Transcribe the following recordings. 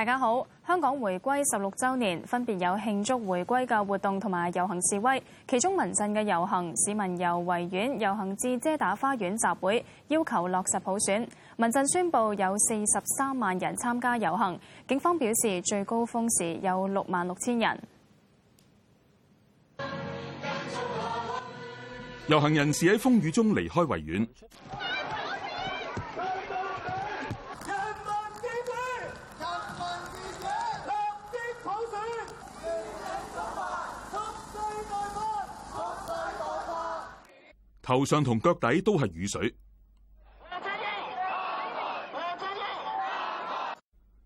大家好，香港回歸十六周年，分別有慶祝回歸嘅活動同埋遊行示威。其中民陣嘅遊行，市民由維園遊行至遮打花園集會，要求落實普選。民陣宣布有四十三萬人參加遊行，警方表示最高峰時有六萬六千人。遊行人士喺風雨中離開維園。頭上同腳底都係雨水。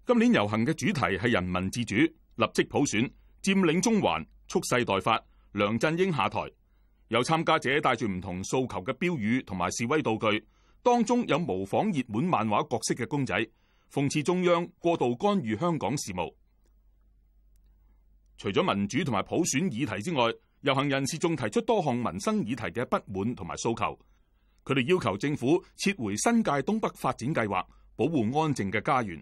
今年遊行嘅主題係人民自主、立即普選、佔領中環、蓄勢待發、梁振英下台。有參加者帶住唔同訴求嘅標語同埋示威道具，當中有模仿熱門漫畫角色嘅公仔，諷刺中央過度干預香港事務。除咗民主同埋普選議題之外，遊行人士仲提出多項民生議題嘅不滿同埋訴求，佢哋要求政府撤回新界東北發展計劃，保護安靜嘅家園。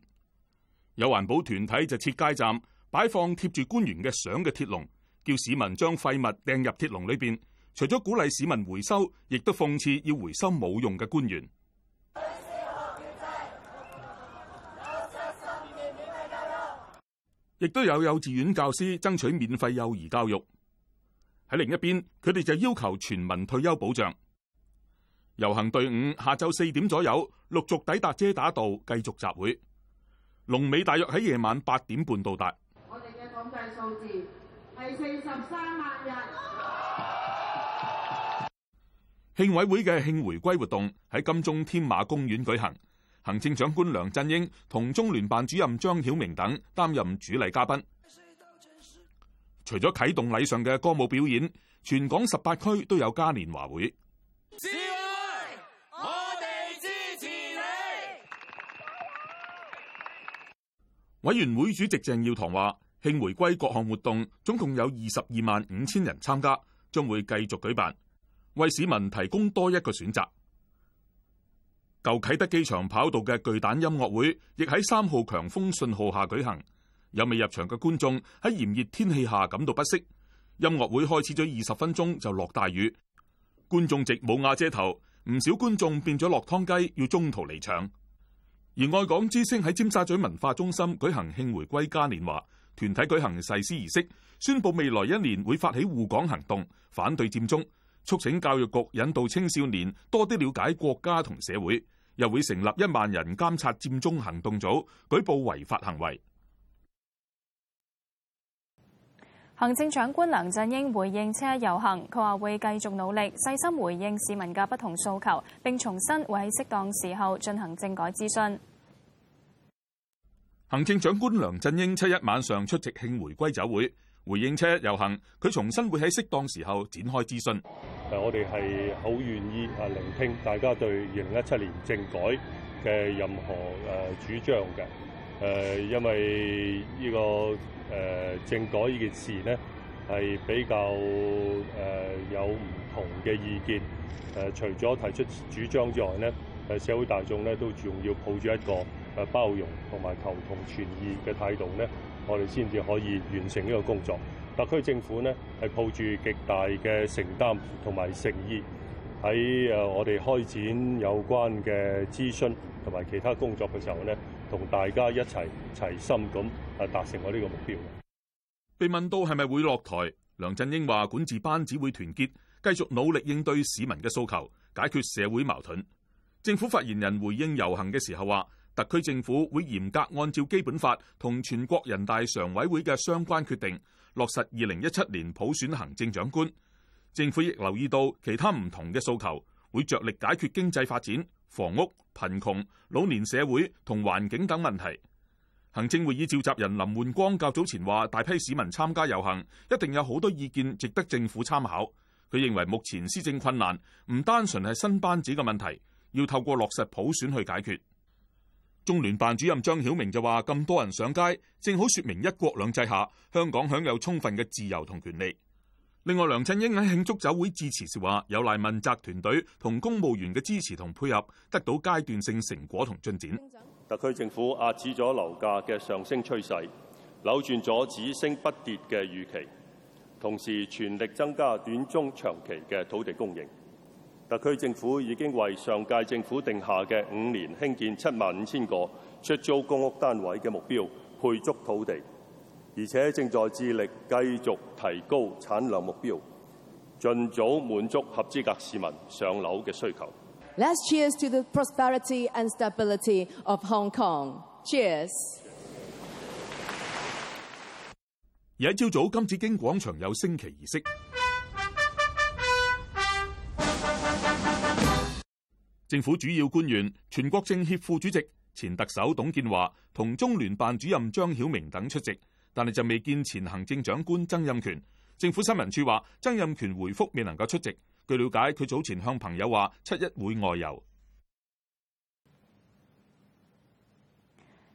有環保團體就設街站，擺放貼住官員嘅相嘅鐵籠，叫市民將廢物掟入鐵籠裏邊。除咗鼓勵市民回收，亦都諷刺要回收冇用嘅官員。亦都有幼稚園教師爭取免費幼兒教育。喺另一邊，佢哋就要求全民退休保障。遊行隊伍下晝四點左右陸續抵達遮打道，繼續集會。龍尾大約喺夜晚八點半到達。我哋嘅統計數字係四十三萬人。慶 委會嘅慶回歸活動喺金鐘添馬公園舉行，行政長官梁振英同中聯辦主任張曉明等擔任主禮嘉賓。除咗啟動禮上嘅歌舞表演，全港十八區都有嘉年華會。志偉，我哋支持你。委員會主席鄭耀棠話，慶回歸各項活動總共有二十二萬五千人參加，將會繼續舉辦，為市民提供多一個選擇。舊啟德機場跑道嘅巨蛋音樂會，亦喺三號強風信號下舉行。有未入場嘅觀眾喺炎熱天氣下感到不適。音樂會開始咗二十分鐘就落大雨，觀眾席冇瓦遮頭，唔少觀眾變咗落湯雞，要中途離場。而愛港之聲喺尖沙咀文化中心舉行慶回歸嘉年華，團體舉行誓師儀式，宣佈未來一年會發起護港行動，反對佔中，促請教育局引導青少年多啲了解國家同社會，又會成立一萬人監察佔中行動組，舉報違法行為。行政長官梁振英回應七一遊行，佢話會繼續努力，細心回應市民嘅不同訴求，並重申會喺適當時候進行政改諮詢。行政長官梁振英七一晚上出席慶回歸酒會，回應七一遊行，佢重申會喺適當時候展開諮詢。誒，我哋係好願意啊聆聽大家對二零一七年政改嘅任何誒主張嘅，誒，因為呢個。誒政改呢件事呢，係比較誒、呃、有唔同嘅意見。誒、呃、除咗提出主張之外呢，誒社會大眾呢都仲要抱住一個誒包容同埋求同存異嘅態度呢，我哋先至可以完成呢個工作。特區政府呢，係抱住極大嘅承擔同埋誠意，喺誒我哋開展有關嘅諮詢同埋其他工作嘅時候呢。同大家一齊齊心咁啊，達成我呢個目標。被問到係咪會落台，梁振英話：管治班子會團結，繼續努力應對市民嘅訴求，解決社會矛盾。政府發言人回應遊行嘅時候話：特區政府會嚴格按照基本法同全國人大常委會嘅相關決定，落實二零一七年普選行政長官。政府亦留意到其他唔同嘅訴求。會着力解決經濟發展、房屋、貧窮、老年社會同環境等問題。行政會議召集人林煥光較早前話，大批市民參加遊行，一定有好多意見值得政府參考。佢認為目前施政困難，唔單純係新班子嘅問題，要透過落實普選去解決。中聯辦主任張曉明就話，咁多人上街，正好說明一國兩制下香港享有充分嘅自由同權利。另外，梁振英喺慶祝酒會致辭時話：有賴問責團隊同公務員嘅支持同配合，得到階段性成果同進展。特區政府壓止咗樓價嘅上升趨勢，扭轉咗只升不跌嘅預期，同時全力增加短中長期嘅土地供應。特區政府已經為上屆政府定下嘅五年興建七萬五千個出租公屋單位嘅目標，配足土地。而且正在致力繼續提高產量目標，盡早滿足合資格市民上樓嘅需求。而喺朝早，金紫荊廣場有升旗儀式。政府主要官員、全國政協副主席、前特首董建華同中聯辦主任張曉明等出席。但係就未見前行政長官曾蔭權。政府新聞處話，曾蔭權回覆未能夠出席。據了解，佢早前向朋友話七一會外遊。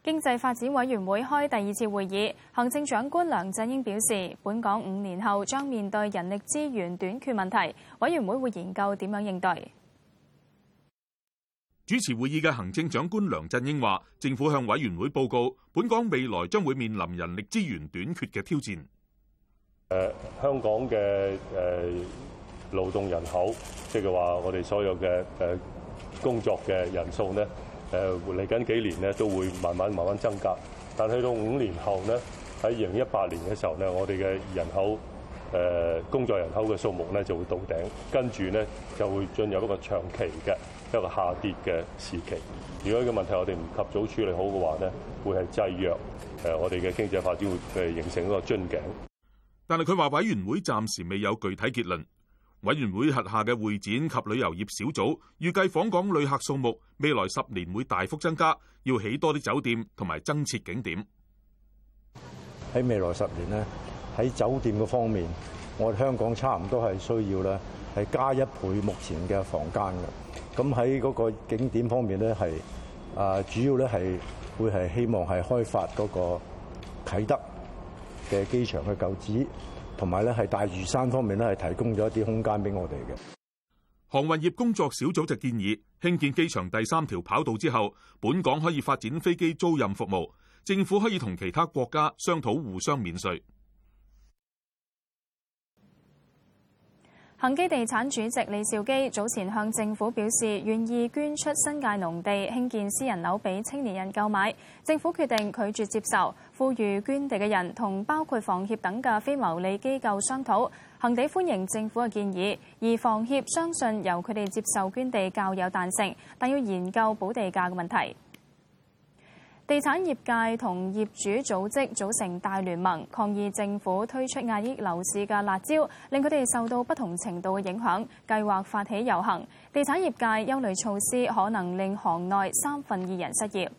經濟發展委員會開第二次會議，行政長官梁振英表示，本港五年後將面對人力資源短缺問題，委員會會研究點樣應對。主持會議嘅行政長官梁振英話，政府向委員會報告，本港未來將會面臨人力資源短缺嘅挑戰。誒、呃，香港嘅誒、呃、勞動人口，即係話我哋所有嘅誒、呃、工作嘅人數咧，誒嚟緊幾年咧都會慢慢慢慢增加，但去到五年後咧喺二零一八年嘅時候咧，我哋嘅人口誒、呃、工作人口嘅數目咧就會到頂，跟住咧就會進入一個長期嘅。一個下跌嘅時期，如果呢個問題我哋唔及早處理好嘅話咧，會係制約誒我哋嘅經濟發展，會形成一個樽頸。但係佢話委員會暫時未有具體結論。委員會轄下嘅會展及旅遊業小組，預計訪港旅客數目未來十年會大幅增加，要起多啲酒店同埋增設景點。喺未來十年咧，喺酒店嘅方面，我哋香港差唔多係需要咧。係加一倍目前嘅房間嘅，咁喺嗰個景點方面咧係啊，主要咧係會係希望係開發嗰個啟德嘅機場嘅舊址，同埋咧係大嶼山方面咧係提供咗一啲空間俾我哋嘅。航運業工作小組就建議，興建機場第三條跑道之後，本港可以發展飛機租賃服務，政府可以同其他國家商討互相免稅。恒基地產主席李兆基早前向政府表示願意捐出新界農地興建私人樓俾青年人購買，政府決定拒絕接受，呼籲捐地嘅人同包括房協等嘅非牟利機構商討。恒地歡迎政府嘅建議，而房協相信由佢哋接受捐地較有彈性，但要研究補地價嘅問題。地產業界同業主組織組成大聯盟抗議政府推出壓抑樓市嘅辣招，令佢哋受到不同程度嘅影響，計劃發起遊行。地產業界憂慮措施可能令行內三分二人失業。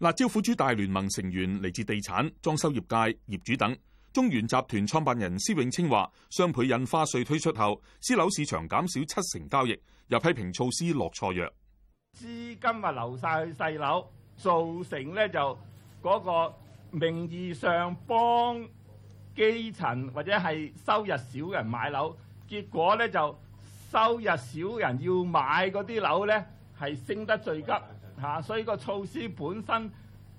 辣招苦主大聯盟成員嚟自地產、裝修業界、業主等。中原集團創辦人施永青話，雙倍印花稅推出後，私樓市場減少七成交易，又批評措施落錯藥，資金啊流晒去細樓，造成咧就嗰個名義上幫基層或者係收入少人買樓，結果咧就收入少人要買嗰啲樓咧係升得最急吓，所以個措施本身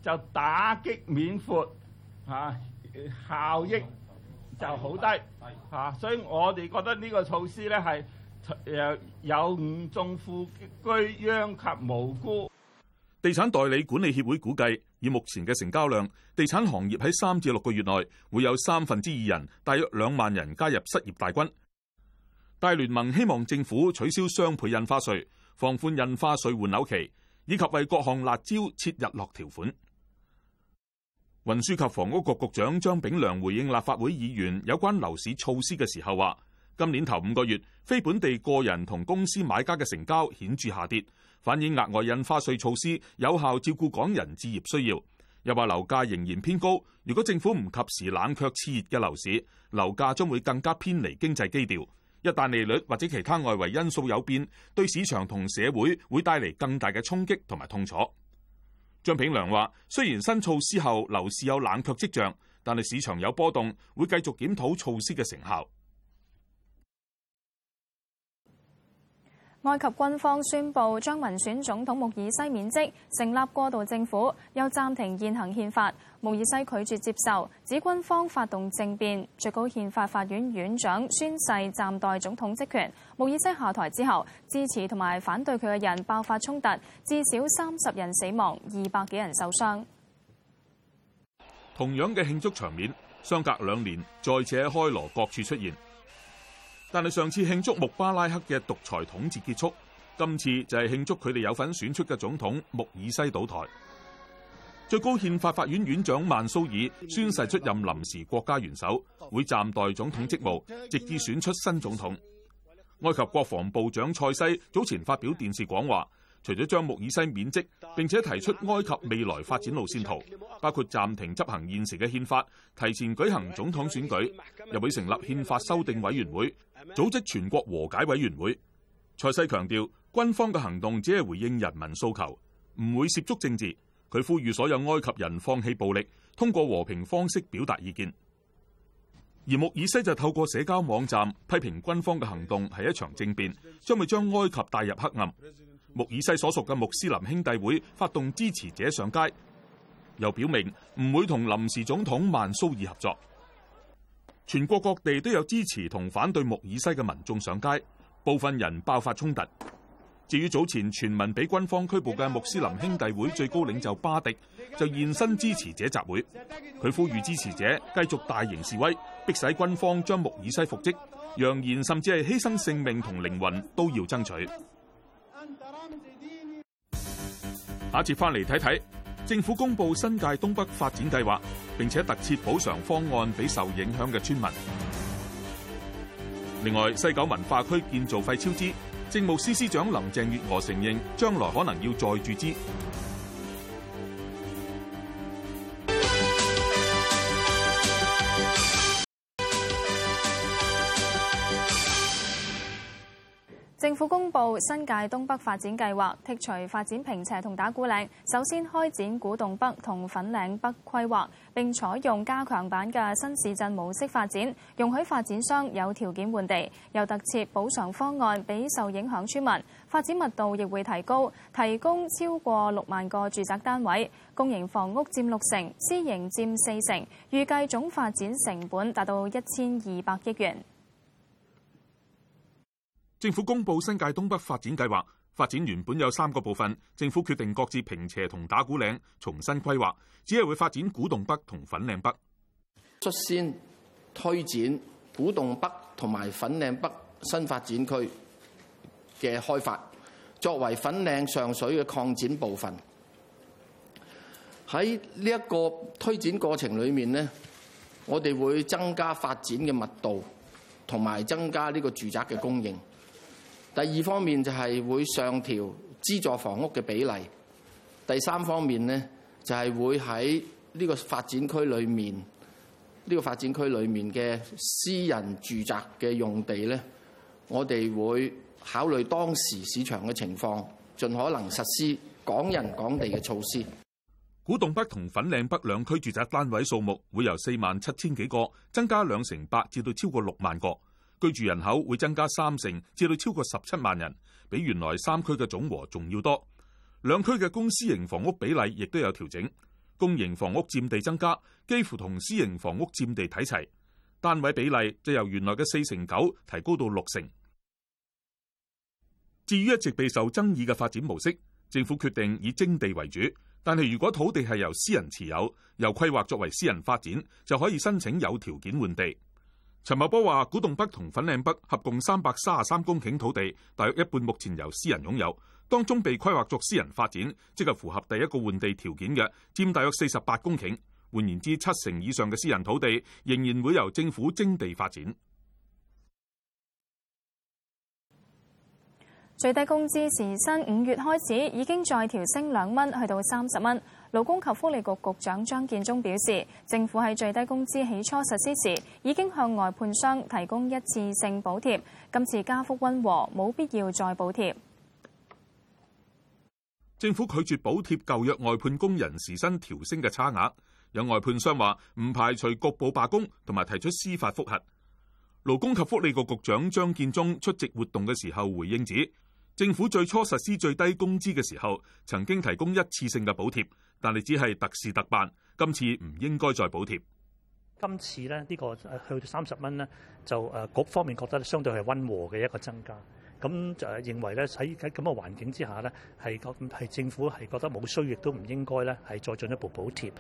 就打擊面闊吓。啊效益就好低嚇，所以我哋覺得呢個措施咧係誒有誤中富居殃及無辜。地產代理管理協會估計，以目前嘅成交量，地產行業喺三至六個月內會有三分之二人，大約兩萬人加入失業大軍。大聯盟希望政府取消雙倍印花稅、放寬印花稅換樓期，以及為各項辣招設日落條款。運輸及房屋局局長張炳良回應立法會議員有關樓市措施嘅時候話，今年頭五個月，非本地個人同公司買家嘅成交顯著下跌，反映額外印花稅措施有效照顧港人置業需要。又話樓價仍然偏高，如果政府唔及時冷卻熾熱嘅樓市，樓價將會更加偏離經濟基調。一旦利率或者其他外圍因素有變，對市場同社會會帶嚟更大嘅衝擊同埋痛楚。張炳良話，雖然新措施後樓市有冷卻跡象，但係市場有波動，會繼續檢討措施嘅成效。埃及軍方宣布將民選總統穆爾西免職，成立過渡政府，又暫停現行憲法。穆爾西拒絕接受，指軍方發動政變。最高憲法法院院長宣誓暫代總統職權。穆爾西下台之後，支持同埋反對佢嘅人爆發衝突，至少三十人死亡，二百幾人受傷。同樣嘅慶祝場面，相隔兩年再次喺開羅各處出現。但係上次慶祝穆巴拉克嘅獨裁統治結束，今次就係慶祝佢哋有份選出嘅總統穆爾西倒台。最高憲法法院院長曼蘇爾宣誓出任臨時國家元首，會暫代總統職務，直至選出新總統。埃及國防部長塞西早前發表電視講話。除咗將穆爾西免職，並且提出埃及未來發展路線圖，包括暫停執行現時嘅憲法、提前舉行總統選舉，又會成立憲法修訂委員會、組織全國和解委員會。塞西強調，軍方嘅行動只係回應人民訴求，唔會涉足政治。佢呼籲所有埃及人放棄暴力，通過和平方式表達意見。而穆爾西就透過社交網站批評軍方嘅行動係一場政變，將會將埃及帶入黑暗。穆爾西所屬嘅穆斯林兄弟會發動支持者上街，又表明唔會同臨時總統曼蘇爾合作。全國各地都有支持同反對穆爾西嘅民眾上街，部分人爆發衝突。至於早前全民俾軍方拘捕嘅穆斯林兄弟會最高領袖巴迪，就現身支持者集會，佢呼籲支持者繼續大型示威，迫使軍方將穆爾西復職，揚言甚至係犧牲性命同靈魂都要爭取。下次翻嚟睇睇，政府公布新界東北發展計劃，並且特設補償方案俾受影響嘅村民。另外，西九文化區建造費超支，政務司司長林鄭月娥承認將來可能要再注資。政府公布新界東北發展計劃，剔除發展坪輋同打鼓嶺，首先開展古洞北同粉嶺北規劃，並採用加強版嘅新市鎮模式發展，容許發展商有條件換地，又特設補償方案俾受影響村民。發展密度亦會提高，提供超過六萬個住宅單位，公營房屋佔六成，私營佔四成，預計總發展成本達到一千二百億元。政府公布新界東北發展計劃，發展原本有三個部分，政府決定擱置坪輋同打鼓嶺，重新規劃，只係會發展古洞北同粉嶺北。率先推展古洞北同埋粉嶺北新發展區嘅開發，作為粉嶺上水嘅擴展部分。喺呢一個推展過程裏面，呢我哋會增加發展嘅密度，同埋增加呢個住宅嘅供應。第二方面就係會上調資助房屋嘅比例，第三方面呢就係會喺呢個發展區裏面，呢個發展區裏面嘅私人住宅嘅用地呢，我哋會考慮當時市場嘅情況，盡可能實施港人港地嘅措施。古洞北同粉嶺北兩區住宅單位數目會由四萬七千幾個增加兩成八，至到超過六萬個。居住人口會增加三成，至到超過十七萬人，比原來三區嘅總和仲要多。兩區嘅公私營房屋比例亦都有調整，公營房屋佔地增加，幾乎同私營房屋佔地睇齊。單位比例就由原來嘅四成九提高到六成。至於一直備受爭議嘅發展模式，政府決定以徵地為主，但係如果土地係由私人持有，由規劃作為私人發展，就可以申請有條件換地。陳茂波話，古洞北同粉嶺北合共三百三十三公頃土地，大約一半目前由私人擁有，當中被規劃作私人發展，即係符合第一個換地條件嘅，佔大約四十八公頃。換言之，七成以上嘅私人土地仍然會由政府徵地發展。最低工資時薪五月開始已經再調升兩蚊，去到三十蚊。勞工及福利局局長張建宗表示，政府喺最低工資起初實施時已經向外判商提供一次性補貼，今次加幅温和，冇必要再補貼。政府拒絕補貼舊約外判工人時薪調升嘅差額。有外判商話唔排除局部罷工同埋提出司法覆核。勞工及福利局局長張建宗出席活動嘅時候回應指。政府最初實施最低工資嘅時候，曾經提供一次性嘅補貼，但你只係特事特辦。今次唔應該再補貼。今次咧，呢個去到三十蚊咧，就誒各方面覺得相對係温和嘅一個增加。咁就係認為咧，喺喺咁嘅環境之下咧，係覺係政府係覺得冇需要，亦都唔應該咧，係再進一步補貼。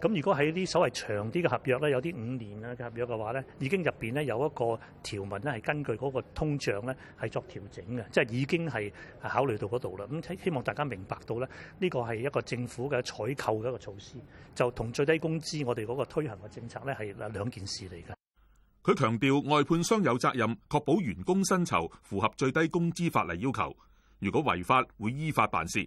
咁如果喺啲所謂長啲嘅合約咧，有啲五年啊嘅合約嘅話咧，已經入邊咧有一個條文咧係根據嗰個通脹咧係作調整嘅，即係已經係考慮到嗰度啦。咁希望大家明白到咧，呢個係一個政府嘅採購嘅一個措施，就同最低工資我哋嗰個推行嘅政策咧係兩件事嚟嘅。佢強調外判商有責任確保員工薪酬符合最低工資法例要求，如果違法會依法辦事。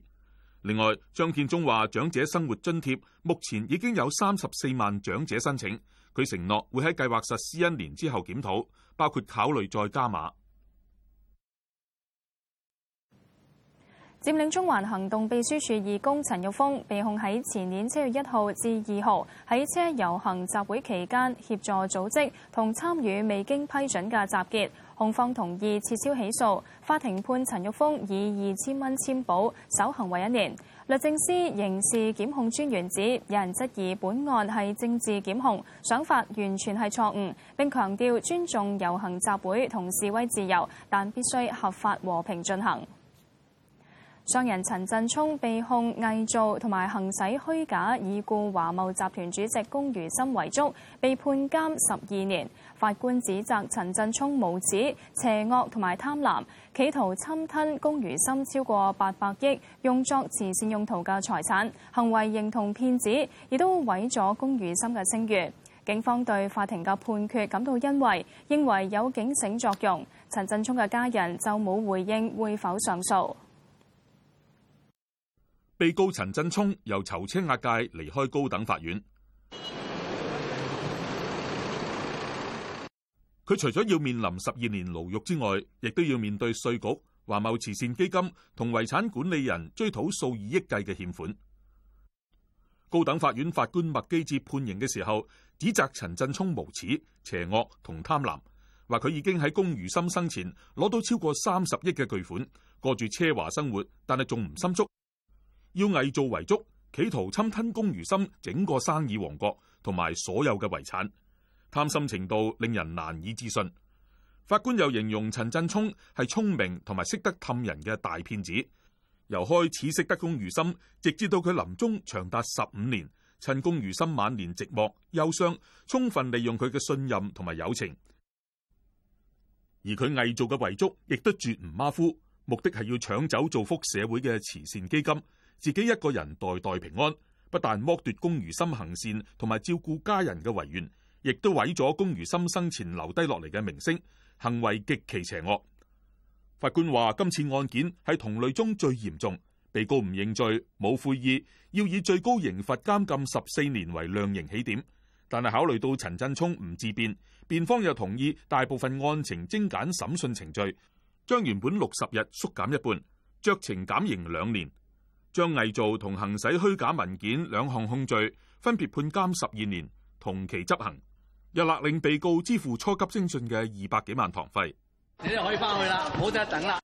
另外，張建宗話長者生活津貼目前已經有三十四萬長者申請，佢承諾會喺計劃實施一年之後檢討，包括考慮再加碼。佔領中環行動秘書處義工陳玉峰被控喺前年七月一號至二號喺車遊行集會期間協助組織同參與未經批准嘅集結，控方同意撤銷起訴。法庭判陳玉峰以二千蚊簽保守行為一年。律政司刑事檢控專員指有人質疑本案係政治檢控，想法完全係錯誤，並強調尊重遊行集會同示威自由，但必須合法和平進行。商人陳振聰被控偽造同埋行使虛假已故華懋集團主席龔如心遺囑，被判監十二年。法官指責陳振聰無恥邪惡同埋貪婪，企圖侵吞龔如心超過八百億用作慈善用途嘅財產，行為認同騙子，亦都毀咗龔如心嘅聲譽。警方對法庭嘅判決感到欣慰，認為有警醒作用。陳振聰嘅家人就冇回應會否上訴。被告陳振聰由囚車押解離開高等法院。佢除咗要面臨十二年牢獄之外，亦都要面對稅局、華懋慈善基金同遺產管理人追討數以億計嘅欠款。高等法院法官麥機智判刑嘅時候，指責陳振聰無恥、邪惡同貪婪，話佢已經喺龔如心生前攞到超過三十億嘅巨款，過住奢華生活，但係仲唔心足。要偽造遺囑，企圖侵吞龔如心整個生意王國同埋所有嘅遺產，貪心程度令人難以置信。法官又形容陳振聰係聰明同埋識得氹人嘅大騙子，由開始識得龔如心，直至到佢臨終長達十五年，趁龔如心晚年寂寞憂傷，充分利用佢嘅信任同埋友情。而佢偽造嘅遺囑亦都絕唔馬虎，目的係要搶走造福社會嘅慈善基金。自己一個人代代平安，不但剝奪龔如心行善同埋照顧家人嘅遺願，亦都毀咗龔如心生前留低落嚟嘅名聲，行為極其邪惡。法官話：今次案件係同類中最嚴重，被告唔認罪，冇悔意，要以最高刑罰監禁十四年為量刑起點。但係考慮到陳振聰唔自辯，辯方又同意大部分案情精簡審訊程序，將原本六十日縮減一半，酌情減刑兩年。將偽造同行使虛假文件兩項控罪分別判監十二年同期執行，又勒令被告支付初級偵訊嘅二百幾萬堂費。你哋可以翻去啦，唔好再等啦。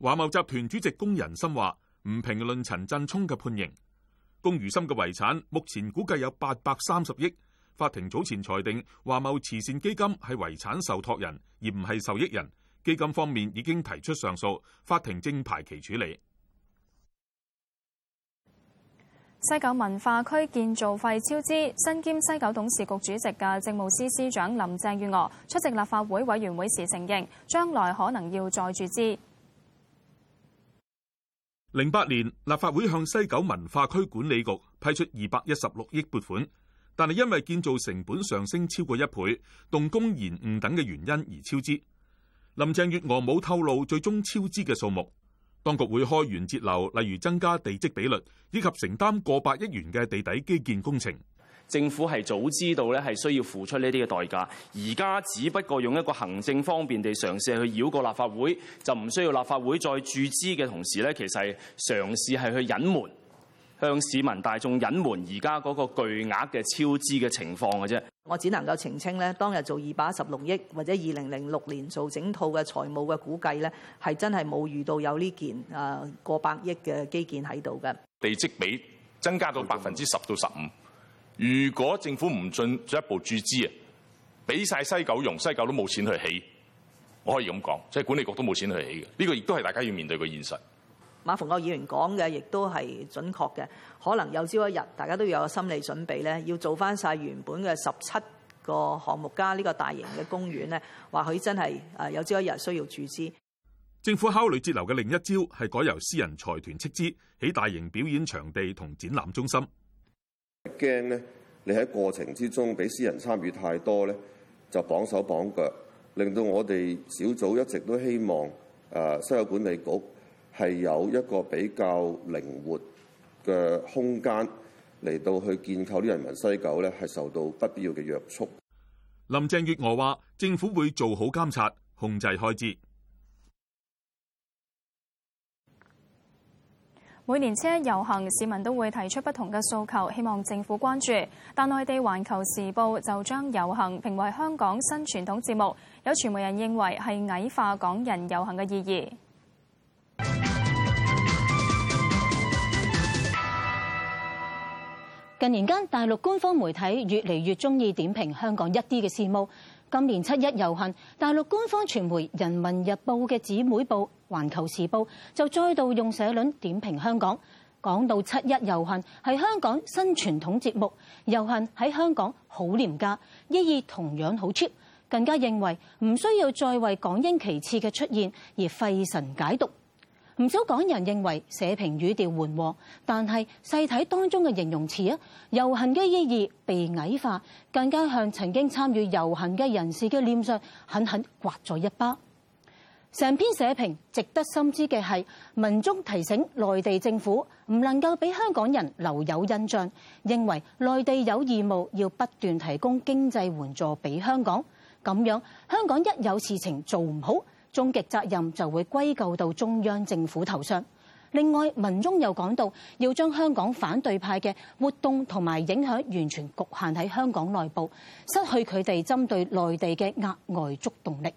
華懋集團主席龔仁心話：唔評論陳振聰嘅判刑。龔如心嘅遺產目前估計有八百三十億。法庭早前裁定華懋慈善基金係遺產受託人，而唔係受益人。基金方面已經提出上訴，法庭正排期處理。西九文化區建造費超支，身兼西九董事局主席嘅政務司司長林鄭月娥出席立法會委員會時承認，將來可能要再注資。零八年立法會向西九文化區管理局批出二百一十六億撥款，但係因為建造成本上升超過一倍、動工延誤等嘅原因而超支。林鄭月娥冇透露最終超支嘅數目。當局會開源節流，例如增加地積比率，以及承擔過百億元嘅地底基建工程。政府係早知道咧，係需要付出呢啲嘅代價。而家只不過用一個行政方便地嘗試去繞過立法會，就唔需要立法會再注資嘅同時咧，其實係嘗試係去隱瞞。向市民大眾隱瞞而家嗰個巨額嘅超支嘅情況嘅啫。我只能夠澄清咧，當日做二百一十六億或者二零零六年做整套嘅財務嘅估計咧，係真係冇遇到有呢件啊過百億嘅基建喺度嘅。地積比增加到百分之十到十五，如果政府唔進進一步注資啊，俾曬西九用，西九都冇錢去起，我可以咁講，即係管理局都冇錢去起嘅。呢個亦都係大家要面對嘅現實。馬逢國議員講嘅亦都係準確嘅，可能有朝一日大家都要有個心理準備咧，要做翻晒原本嘅十七個項目加呢個大型嘅公園咧，或許真係誒有朝一日需要注資。政府考慮節流嘅另一招係改由私人財團斥資起大型表演場地同展覽中心。驚咧！你喺過程之中俾私人參與太多咧，就綁手綁腳，令到我哋小組一直都希望誒西九管理局。係有一個比較靈活嘅空間嚟到去建構啲人民西九咧，係受到不必要嘅約束。林鄭月娥話：政府會做好監察，控制開支。每年七一遊行，市民都會提出不同嘅訴求，希望政府關注。但內地《環球時報》就將遊行評為香港新傳統節目，有傳媒人認為係矮化港人遊行嘅意義。近年間，大陸官方媒體越嚟越鍾意點評香港一啲嘅事務。今年七一遊行，大陸官方傳媒《人民日報》嘅姊妹報《環球時報》就再度用社論點評香港，講到七一遊行係香港新傳統節目，遊行喺香港好廉價，意義同樣好 cheap，更加認為唔需要再為港英旗幟嘅出現而費神解讀。唔少港人認為社評語調緩和，但係細睇當中嘅形容詞啊，遊行嘅意義被矮化，更加向曾經參與遊行嘅人士嘅臉上狠狠刮咗一巴。成篇社評值得深知嘅係民眾提醒內地政府唔能夠俾香港人留有印象，認為內地有義務要不斷提供經濟援助俾香港，咁樣香港一有事情做唔好。終極責任就會歸咎到中央政府頭上。另外，文中又講到要將香港反對派嘅活動同埋影響完全局限喺香港內部，失去佢哋針對內地嘅額外觸動力。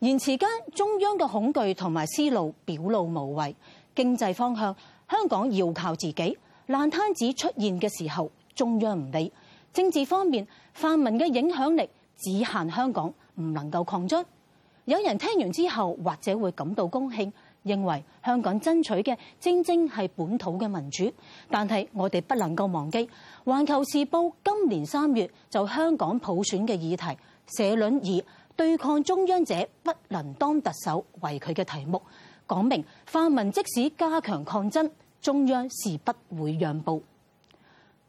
言辭間，中央嘅恐懼同埋思路表露無遺。經濟方向，香港要靠自己。爛攤子出現嘅時候，中央唔理。政治方面，泛民嘅影響力只限香港，唔能夠擴張。有人聽完之後，或者會感到高興，認為香港爭取嘅正正係本土嘅民主。但係我哋不能夠忘記，《環球時報》今年三月就香港普選嘅議題，社論以“對抗中央者不能當特首”為佢嘅題目，講明泛民即使加強抗爭，中央是不會讓步。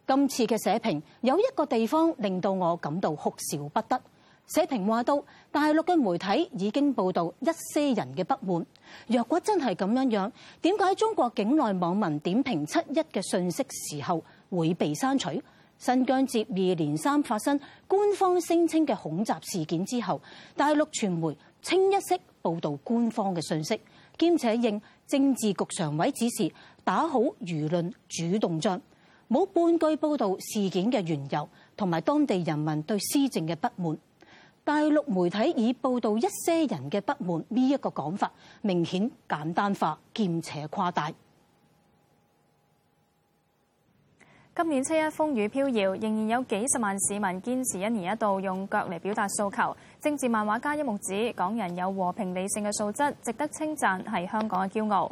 今次嘅社評有一個地方令到我感到哭笑不得。社評話到，大陸嘅媒體已經報導一些人嘅不滿。若果真係咁樣樣，點解中國境內網民點評七一嘅訊息時候會被刪除？新疆接二連三發生官方聲稱嘅恐襲事件之後，大陸傳媒清一色報導官方嘅訊息，兼且應政治局常委指示打好輿論主動仗，冇半句報導事件嘅緣由同埋當地人民對施政嘅不滿。大陸媒體以報導一些人嘅不滿呢一個講法，明顯簡單化、兼且誇大。今年七一風雨飄搖，仍然有幾十萬市民堅持一年一度用腳嚟表達訴求。政治漫畫家一木指港人有和平理性嘅素質，值得稱讚，係香港嘅驕傲。